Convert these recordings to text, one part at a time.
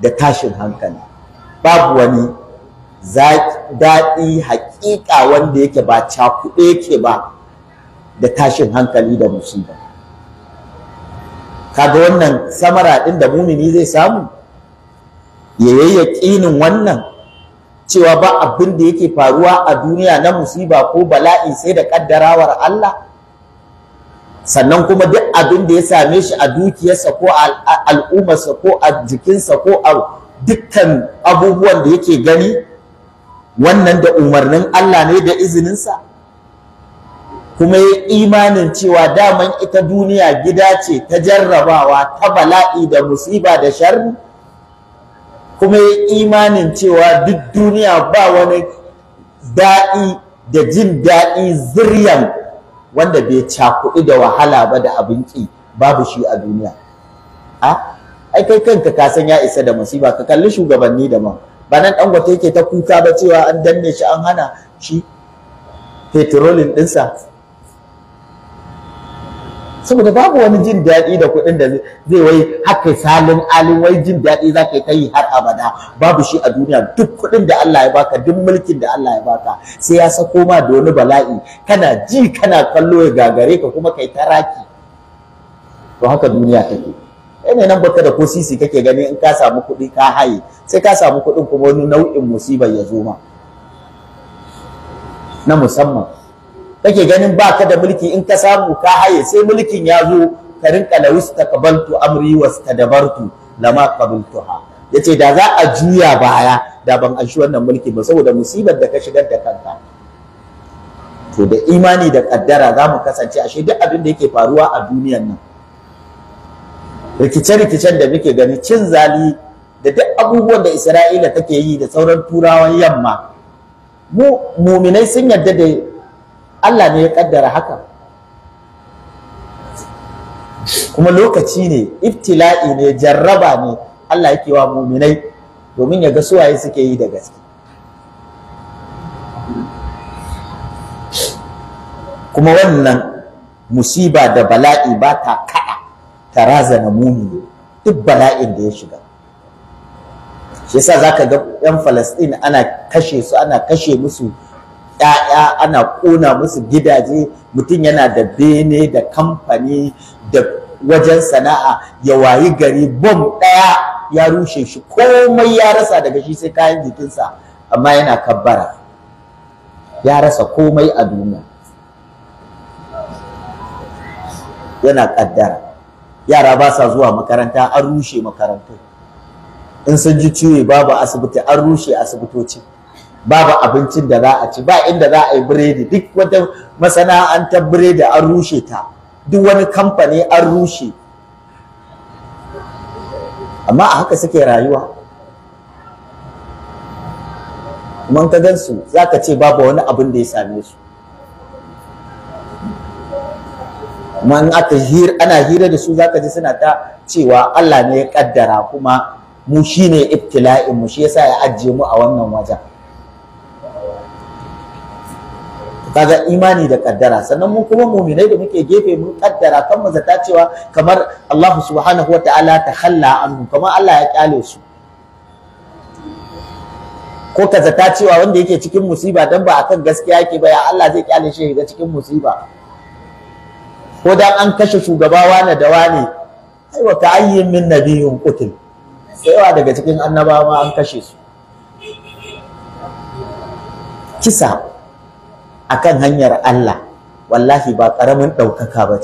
da tashin hankali babu wani daɗi haƙiƙa wanda yake ba cakuɗe yake ba da tashin hankali da musiba kaga wannan samara ɗin da mumini zai samu ya ƙinin wannan cewa ba abin da yake faruwa a duniya na musiba ko bala'i sai da ƙaddarawar Allah sannan kuma duk abin da ya same shi a dukiyarsa ko a al'ummarsa ko a jikinsa ko a dukkan abubuwan da yake gani wannan da umarnin Allah ne da izininsa kuma ya imanin cewa daman ita duniya gida ce ta jarrabawa ta bala'i da musiba da sharri kuma ya imanin cewa duk duniya ba wani da'i da jin da'i ziryan wanda bai cakuɗi da wahala ba da abin ƙi babu shi a duniya a ai kai kanka ka san ya isa da musiba ka kalli shugabanni da ma ba nan dangote yake ta kuka ba cewa an danne shi an hana shi petrolin ɗinsa saboda babu wani jin daɗi da kuɗin da zai wai haka salin alin wai jin daɗi za ka yi har abada babu shi a duniya duk kuɗin da Allah ya baka duk mulkin da Allah ya baka sai ya sako ma da wani bala'i kana ji kana kallo ya gagare ka kuma kai taraki to haka duniya take kai ne nan baka da ko sisi kake gani in ka samu kuɗi ka haye sai ka samu kuɗin kuma wani nau'in musibar ya zo ma na musamman kake ganin baka da mulki in ka samu ka haye sai mulkin ya zo ka rinka la wastaqbaltu amri wastadabartu lama qabiltuha yace da za a juya baya da ban anshi wannan mulki ba saboda musibar da ka shigar da kanka to da imani da kaddara za mu kasance ashe duk abin da yake faruwa a duniyan nan rikice-rikicen da muke gani cin zali da duk abubuwan da Isra'ila take yi da sauran turawan yamma mu muminai sun yarda da Allah ne ya kaddara haka kuma lokaci ne ibtila'i ne jarraba ne Allah yake wa muminai domin ya ga suwaye suke yi da gaske kuma wannan musiba da bala'i ba ta kaɗa ta razana mumini duk bala'in da ya shiga shi yasa ka ga 'yan falastin ana kashe su ana kashe musu Ƴaƴa ana ƙona musu gidaje mutum yana da bene da kamfani da wajen sana'a ya wayi gari bom ɗaya ya rushe shi komai ya rasa daga shi sai kayan jikinsa amma yana kabbara ya rasa komai a duniya yana kaddara yara ba sa zuwa makaranta an rushe makarantu in sun ji ciwo babu asibiti an rushe asibitoci babu abincin da za a ci ba inda za a yi biredi duk wata masana'antar biredi an rushe ta duk wani kamfani an rushe amma a haka suke rayuwa kuma ka gan su za ka ce babu wani abin da ya same su man aka hira ana hira da su zaka ji suna ta cewa Allah ne ya kaddara kuma mu shine ibtila'in mu shi yasa ya ajiye mu a wannan wajen kaga imani da kaddara sannan mu kuma muminai da muke gefe mun kaddara kan mu cewa kamar Allah subhanahu wataala ta khalla annu kamar Allah ya kyale su ko ka zata cewa wanda yake cikin musiba dan ba akan gaskiya yake ba ya Allah zai kyale shi ga cikin musiba ko dan an kashe shugaba wani da wani ai wa ta'ayyin min nabiyyun qutil sai yawa daga cikin annabawa an kashe su kisa akan hanyar Allah wallahi ba ƙaramin ɗaukaka ba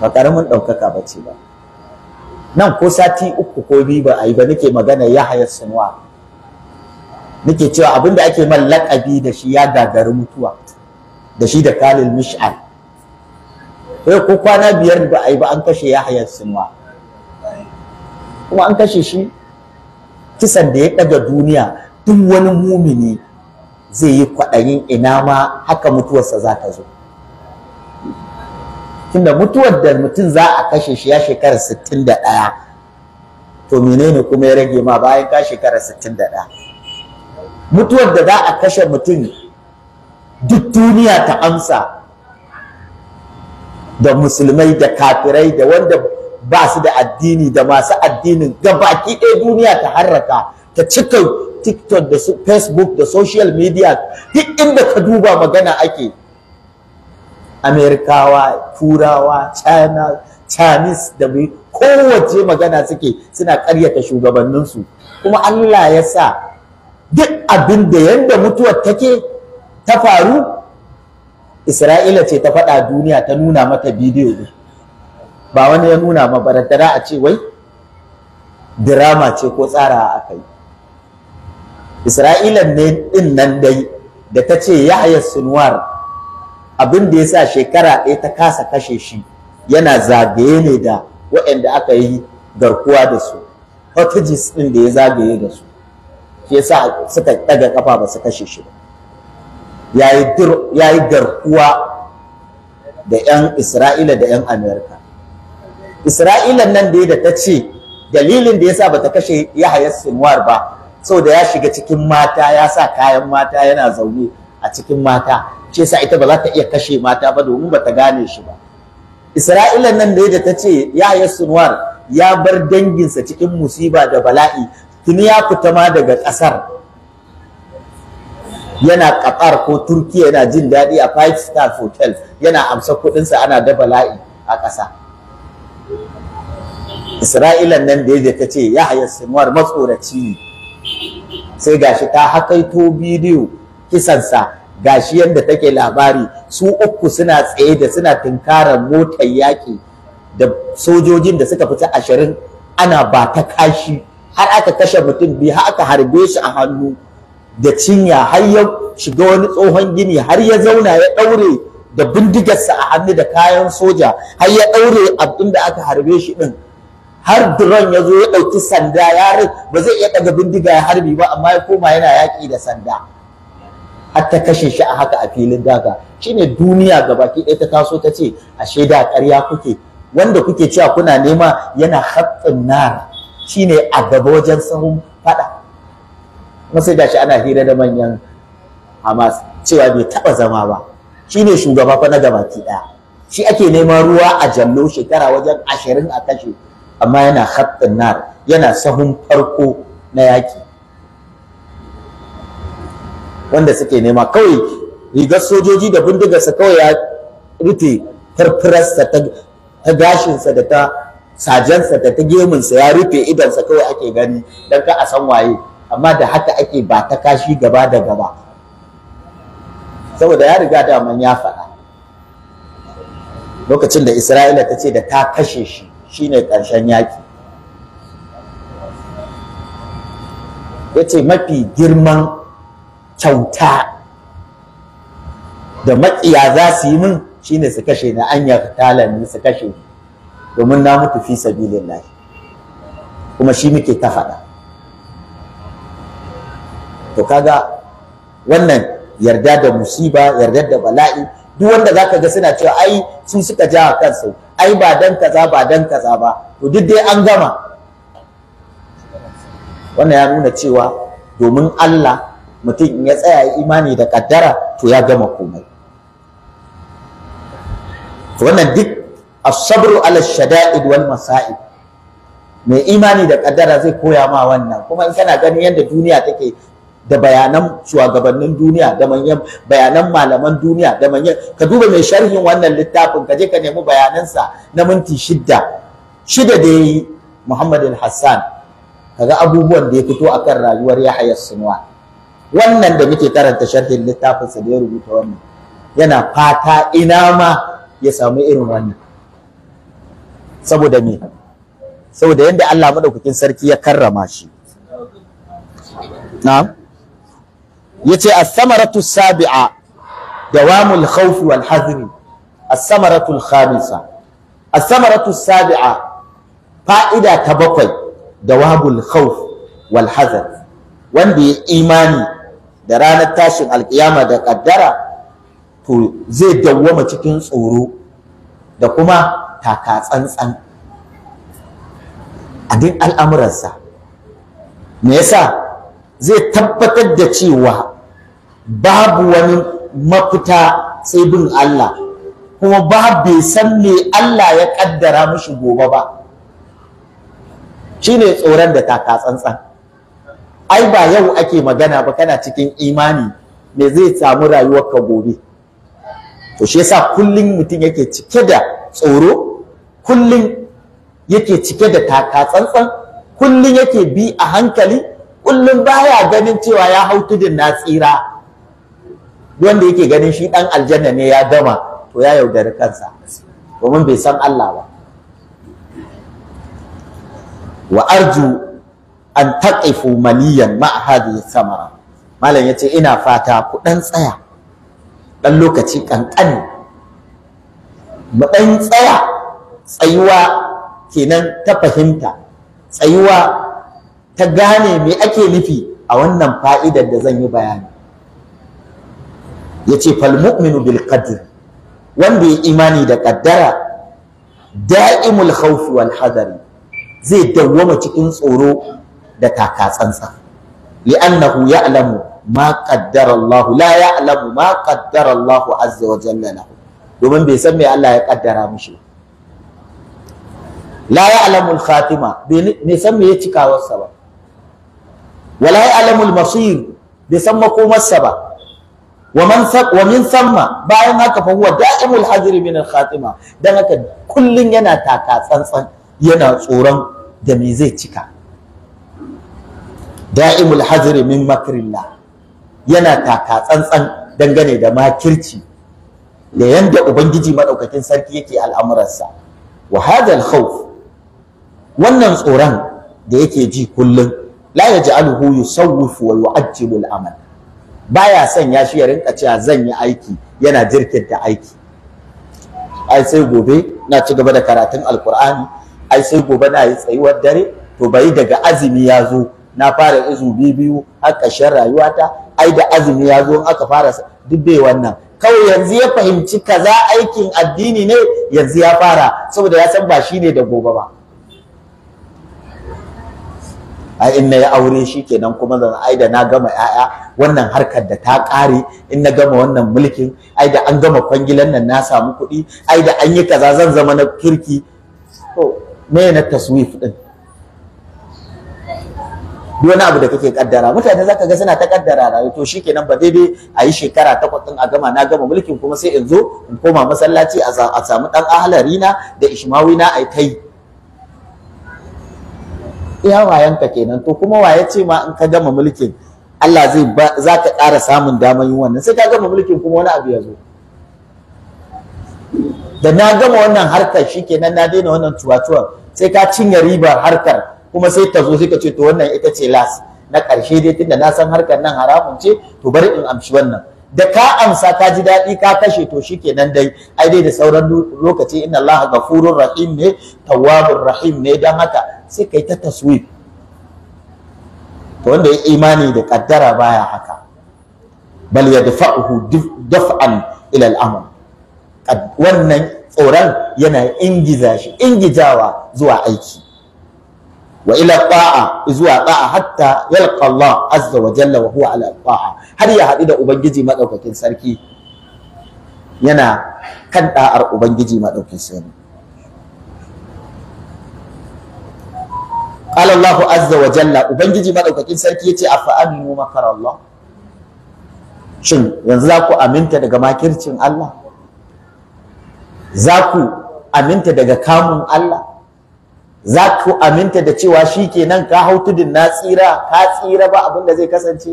ba ƙaramin ɗaukaka ba ba nan ko sati uku ko biyu ba a ba nake magana ya hayar sunuwa nake cewa abin da ake man laƙabi da shi ya gagari mutuwa da shi da kalil mish'al sai ko kwana biyar ba a ba an kashe ya hayar sunuwa kuma an kashe shi kisan da ya ɗaga duniya duk wani mumini zai yi kwaɗayin ina ma haka mutuwarsa za ta zo tunda mutuwar da mutum za a kashe shi ya shekara sittin da ɗaya to menene kuma ya rage ma bayan ka shekara sittin mutuwar da za a kashe mutum duk duniya ta amsa da musulmai da kafirai da wanda ba su da addini da masu addinin baki ɗaya duniya ta harraka ta cika tiktok da su facebook da social media duk inda ka duba magana ake amerikawa turawa china chinese da kowace magana suke suna karyata shugabanninsu kuma allah ya sa duk abin da yadda mutuwar take ta faru isra'ila ce ta faɗa duniya ta nuna mata bidiyo ne ba wani ya nuna ma mabarantana a ce wai dirama ce ko tsara a kai. isra'ila ne din nan dai da ta ce yahya sinwar abin da ya sa shekara ɗaya ta kasa kashe shi yana zagaye ne da waɗanda aka yi garkuwa da su hotages ɗin da ya zagaye da su shi yasa suka ɗaga ƙafa ba su kashe shi ba ya yi garkuwa da 'yan isra'ila da 'yan amerika Isra'ila nan da ta ce dalilin da yasa ta kashe yahya sinwar ba da ya shiga cikin mata ya sa kayan mata yana zaune a cikin mata ce sa ita ba za ta iya kashe mata ba domin ba ta gane shi ba Isra'ila nan da ta ce ya Sunwar ya bar danginsa cikin musiba da bala'i tuni ya fita ma daga ƙasar yana ƙafar ko Turkiya yana jin daɗi a five star hotel yana amsa kuɗinsa ana da bala'i a ƙasa Isra'ilan nan da ta ce ya Sunwar matsoraci ne sai gashi ta hakaito bidiyo kisansa gashi yadda take labari su uku suna tsaye da suna tunkarar motar yaƙi da sojojin da suka fita ashirin ana ba ta kashi har aka kashe mutum biyu har aka harbe shi a hannu da cinya har ya shiga wani tsohon gini har ya zauna ya ɗaure da bindigarsa a hannu da kayan soja har ya ɗaure abin da aka harbe shi ɗin har duron ya zo ya ɗauki sanda ya ba zai iya ɗaga bindiga ya harbi ba amma ya koma yana yaƙi da sanda har ta kashe shi a haka a filin daga shine duniya gabaki ɗaya ta taso ta ce ashe da ƙarya kuke wanda kuke cewa kuna nema yana haƙƙin nar shine a gaba wajen sahun faɗa kuma sai gashi ana hira da manyan Hamas cewa bai taɓa zama ba shine shugaba fa na gabaki ɗaya shi ake neman ruwa a jallo shekara wajen ashirin a kashe amma yana khattin nar yana sahun farko na yaki wanda suke nema kawai rigar sojoji da bindigarsa kawai ya rufe farfararsa ta gashinsa da ta sajensa da ta gemunsa ya rufe idansa kawai ake gani don ka a san waye amma da haka ake ba ta kashi gaba da gaba saboda ya riga da man ya faɗa lokacin da isra'ila ta ce da ta kashe shi shine ƙarshen yaƙi ya ce mafi girman kyauta da maƙiya za su yi min shine su kashe na anya talani su kashe ni domin na mutu fi sabilillah kuma shi muke ta faɗa to kaga wannan yarda da musiba yarda da bala'i duk wanda zaka ga suna cewa ai sun suka ja kansu ai ba dan kaza ba dan kaza ba to duk dai an gama wannan ya nuna cewa domin Allah mutum in ya tsaya ya imani da kaddara to ya gama komai to wannan duk as-sabru ala shada'id wal masa'ib mai imani da kaddara zai koya ma wannan kuma in kana ganin yadda duniya take da bayanan shugabannin duniya da manyan bayanan malaman duniya da manyan ka duba mai sharhin wannan littafin ka je ka nemi bayanansa na minti shidda shida da yayi Muhammad Hassan kaga abubuwan da ya fito akan rayuwar Yahya Sinwa wannan da muke karanta sharhin littafin sa da ya rubuta wannan yana fata ina ma ya samu irin wannan saboda me saboda yanda Allah madaukakin sarki ya karrama shi na'am yace as-samaratu sabi'a dawamul khawfi wal hazri as-samaratu al-khamisa as-samaratu sabi'a fa'ida ta bakwai dawamul khawf wal hazar wanda ya imani da ranar tashin alkiyama da kaddara to zai dawwama cikin tsoro da kuma taka tsantsan a duk al'amuransa me yasa zai tabbatar da cewa babu wani mafita sai bin Allah kuma ba bai san me Allah ya kaddara mishi gobe ba shine tsoron da taka tsantsan ai ba yau ake magana ba kana cikin imani me zai samu rayuwar ka gobe to shi yasa kullum mutum yake cike da tsoro kullum yake cike da taka tsantsan kullum yake bi a hankali kullum baya ganin cewa ya hau tudun na tsira wanda yake ganin shi dan aljanna ne ya gama to ya yaudari kansa domin bai san Allah ba wa arju an taqifu maliyan ma hadhihi samara malam yace ina fata ku dan tsaya dan lokaci kankan mu dan tsaya tsayuwa kenan ta fahimta tsayuwa ta gane me ake nufi a wannan fa'idar da zan yi bayani yace fal mu'minu bil qadr wanda ya imani da kaddara da'imul khawfi wal hadari zai dawwama cikin tsoro da takatsantsa li'annahu ya'lamu ma qaddara Allah la ya'lamu ma qaddara Allah azza wa jalla lahu domin bai san me Allah ya kaddara mishi la ya'lamu al-khatima bai san me ya cikawarsa ba wala ya'lamu al-masir bai san makomarsa ba wa min samma bayan haka fa huwa da'imul hajri min al-khatima dan haka kullun yana taka tsantsan yana tsoron da me zai cika da'imul hajri min yana taka tsantsan dangane da makirci da yanda ubangiji madaukakin sarki yake al'amuransa wa khauf, wannan tsoron da yake ji kullum, la yaj'aluhu yusawwifu wa yu'ajjilu al-amal baya son ya shi ya rinka cewa zan yi aiki yana jirkinta aiki ai sai gobe na ci gaba da karatun alkur'ani ai sai gobe na yi tsayuwar dare to bai daga azumi ya zo na fara izu biyu har ƙarshen rayuwata ai da azumi ya zo aka fara duk bai wannan kawai yanzu ya fahimci kaza aikin addini ne yanzu ya fara saboda ya san ba shine da gobe ba A in na yi aure shi kenan kuma zan ai na gama ya'ya wannan harkar da ta ƙare in na gama wannan mulkin ai an gama kwangilan nan na samu kuɗi ai an yi kaza zan zama na kirki to me na taswif din duk wani abu da kake kaddara mutane zaka ga suna ta kaddara rayu to shikenan ba daidai a yi shekara takwas din a gama na gama mulkin kuma sai in zo in koma masallaci a samu dan ahalarina da ishmawi na ai kai iya wayanka kenan to kuma waye ce ma in ka gama mulkin Allah zai za ka ƙara samun daman yin wannan sai ka gama mulkin kuma wani abu ya zo da na gama wannan harkar shi kenan na daina wannan tuwatuwa sai ka cinye ribar harkar kuma sai ta zo sai ka ce to wannan ita ce las na ƙarshe dai tunda na san harkar nan haramun ce to bari in amshi wannan da ka amsa ka ji daɗi ka kashe to shi kenan dai ai dai da sauran lokaci inna Allah ghafurur rahim ne tawwabur rahim ne dan haka sai kai ta taswib. to wanda ya imani da kaddara baya haka bal yadfa'uhu daf'an ila al-amr wannan tsoron yana ingiza shi ingizawa zuwa aiki wa ila ta'a zuwa ta'a hatta yalqa Allah azza wa jalla wa huwa ala ta'a har ya haɗu da ubangiji madaukakin sarki yana kan da'ar ubangiji madaukakin sarki qala azza wa jalla ubangiji madaukakin sarki yace afa aminu makara Allah shin yanzu za ku aminta daga makircin Allah za ku aminta daga kamun Allah za ku aminta da cewa shi kenan ka hau tudun na tsira ka tsira ba abin da zai kasance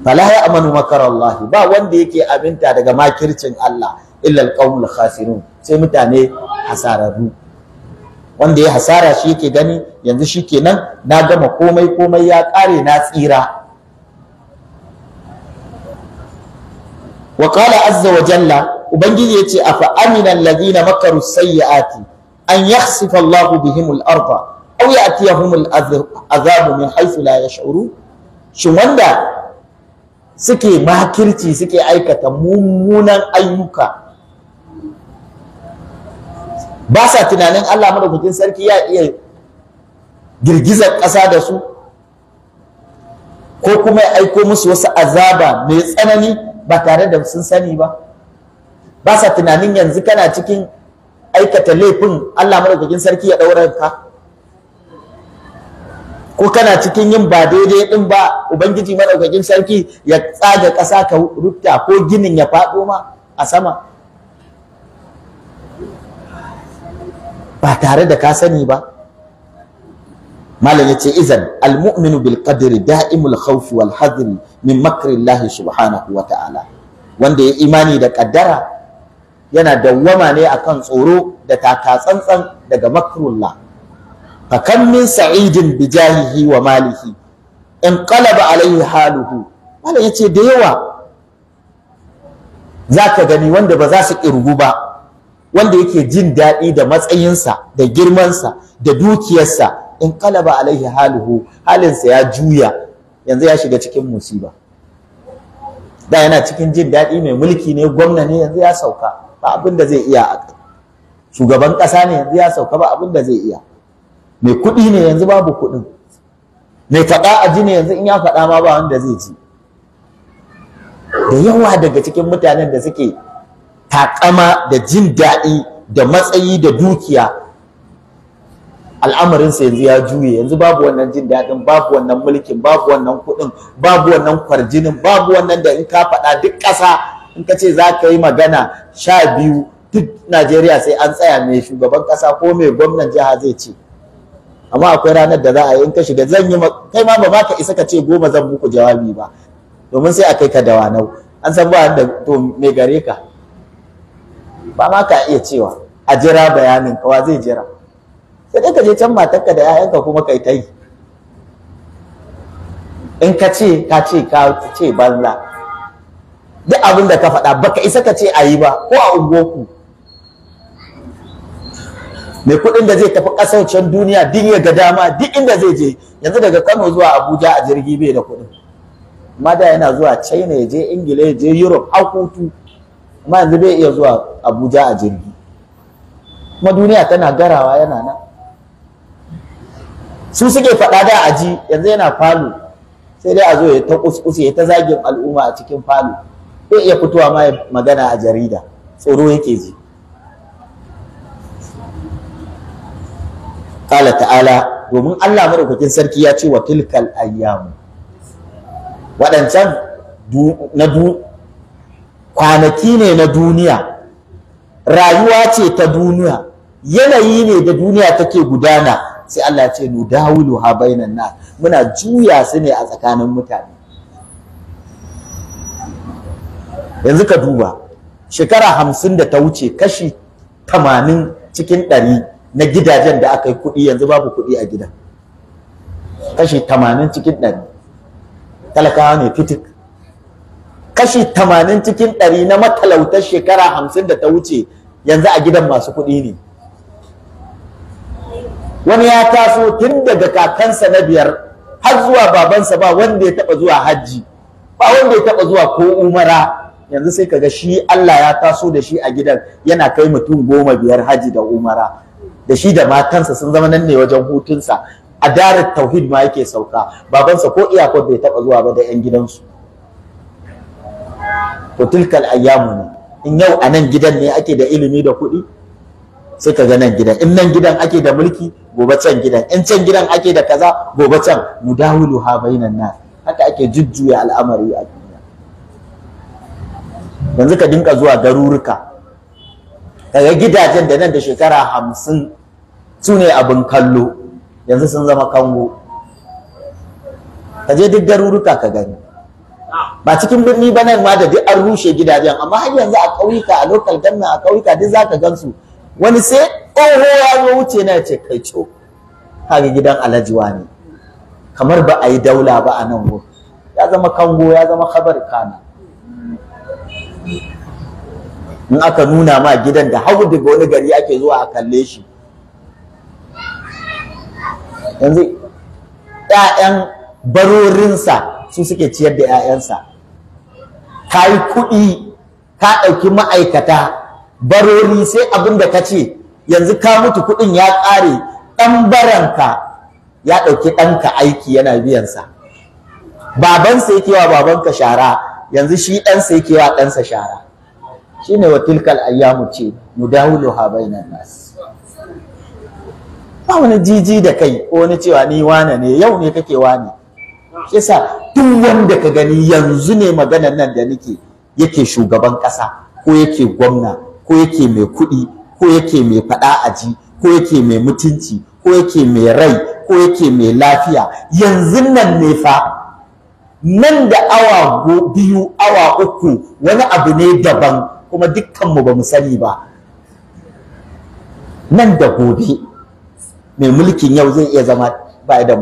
fala ya amanu makarallahi ba wanda yake aminta daga makircin Allah illa alqawmul khasirun sai mutane hasararru wanda ya hasara shi yake gani yanzu shi kenan na gama komai komai ya ƙare na tsira wa qala azza wa jalla ubangiji yace afa amina alladhina makaru sayyiati an yakhsifa Allah bihim al-ardha aw ya'tiyahum al-adhabu min haythu la yash'urun shin wanda suke makirci suke aikata mummunan ayyuka ba sa tunanin Allah madaukakin sarki ya iya girgizar ƙasa da su ko kuma ya aiko musu wasu azaba mai tsanani ba tare da sun sani ba ba sa tunanin yanzu kana cikin aikata laifin Allah madaukakin sarki ya ɗaura ka ko kana cikin yin ba daidai din ba ubangiji madaukakin sarki ya tsaga ƙasa ka rufta ko ginin ya faɗo ma a sama ba tare da ka sani ba malam yace izan almu'minu bil qadri da'imul khawfi wal hadri min makrillahi subhanahu wa ta'ala wanda ya imani da kaddara yana dawwama ne akan tsoro da taka tsantsan daga makrullah fa kam min sa'idin bi jahihi wa malihi in qalaba alayhi haluhu malam yace da yawa zaka gani wanda ba za su kirgu ba wanda yake jin daɗi da matsayinsa da girmansa da dukiyarsa in kalaba alaihi haluhu halinsa ya juya yanzu ya shiga cikin musiba da yana cikin jin daɗi mai mulki ne gwamna ne yanzu ya sauka ba abin da zai iya shugaban ƙasa ne yanzu ya sauka ba abin da zai iya mai kuɗi ne yanzu babu kuɗin mai faɗa a ji ne yanzu in ya faɗa ma ba wanda zai ji da yawa daga cikin mutanen da suke takama da jin daɗi da matsayi da dukiya al'amarinsa yanzu ya juye yanzu babu wannan jin daɗin babu wannan mulkin babu wannan kuɗin babu wannan kwarjinin babu wannan da in ka faɗa duk ƙasa in ka ce za ka yi magana sha biyu duk najeriya sai an tsaya mai shugaban ƙasa ko mai gwamnan jiha zai ce amma akwai ranar da za a yi in ka shiga zan yi kai ma ba ka isa ka ce goma zan muku jawabi ba domin sai a kai ka dawanau an san ba da to me gare ka ba ma ka iya cewa a jira bayanin kawa zai jira sai dai ka je can matarka da 'ya'yanka kuma kai ta yi in ka ce ka ce ka ce banza duk abin da ka faɗa baka isa ka ce a yi ba ko a ungoku mai kuɗin da zai tafi ƙasashen duniya duk ya ga dama duk inda zai je yanzu daga kano zuwa abuja a jirgi bai da kuɗin amma da yana zuwa china ya je ingila ya je europe har hutu amma yanzu bai iya zuwa abuja a jirgi kuma duniya tana garawa yana nan su suke faɗa da aji yanzu yana falo sai dai a zo ya ta kuskus ya ta zagin al'umma a cikin falo bai iya fitowa ma magana a jarida tsoro yake ji qala ta'ala domin Allah madaukakin sarki ya ce wa tilkal ayyamu waɗancan na kwanaki ne na duniya rayuwa ce ta duniya yanayi ne da duniya take gudana sai Allah ya ce nu dawulu ha bainan na. muna juya su ne a tsakanin mutane yanzu ka duba shekara hamsin da ta wuce kashi tamanin cikin ɗari na gidajen da aka yi kuɗi yanzu babu kuɗi a gida. kashi tamanin cikin ɗari talakawa ne fitik kashi tamanin cikin ɗari na matalautar shekara hamsin da ta wuce yanzu a gidan masu kuɗi ne wani ya taso tun daga kakansa na biyar har zuwa babansa ba wanda ya taɓa zuwa hajji ba wanda ya taɓa zuwa ko umara yanzu sai kaga shi Allah ya taso da shi a gidan yana kai mutum goma biyar hajji da umara da shi da matansa sun zama nan ne wajen hutunsa a darar tauhid ma yake sauka babansa ko iyakar bai taɓa zuwa ba da 'yan gidansu to tilkal ayyamu in yau a nan gidan ne ake da ilimi da kuɗi sai ka ga nan gidan in nan gidan ake da mulki gobe can gidan in can gidan ake da kaza gobe can mudahulu ha bainan na. haka ake jujjuya al'amari a duniya yanzu ka dinka zuwa garuruka ga gidajen da nan da shekara hamsin su ne abin kallo yanzu sun zama kango ka je duk garuruka ka gani ba cikin birni ba nan ma da duk an rushe gidajen amma har yanzu a ƙauyuka a local ganna a ƙauyuka duk zaka gansu wani sai oho ya zo wuce na ce kai co kaga gidan alajiwa ne kamar ba a yi daula ba a nan wurin ya zama kango ya zama khabar kana in aka nuna ma gidan da hagu daga wani gari ake zuwa a kalle shi yanzu 'ya'yan barorinsa su suke ciyar da 'ya'yansa ka yi kuɗi ka ɗauki ma'aikata barori sai abin da ka ce yanzu ka mutu kuɗin ya ƙare ɗan baranka ya ɗauki ɗanka aiki yana biyansa babansa yake wa babanka shara yanzu shi ɗansa yake wa ɗansa shara shine wa tilkal ayyamu ce ha bainan nas ba wani jiji da kai ko wani cewa ni wane ne yau ne kake wane yasa duk wanda ka gani yanzu ne maganar nan da nake yake shugaban ƙasa ko yake gwamna ko yake mai kuɗi ko yake mai faɗa aji ko yake mai mutunci ko yake mai rai ko yake mai lafiya yanzu nan ne fa nan da awa biyu awa uku wani abu ne daban kuma dukkanmu ba mu sani ba nan da gobe mai mulkin yau zai iya zama ba da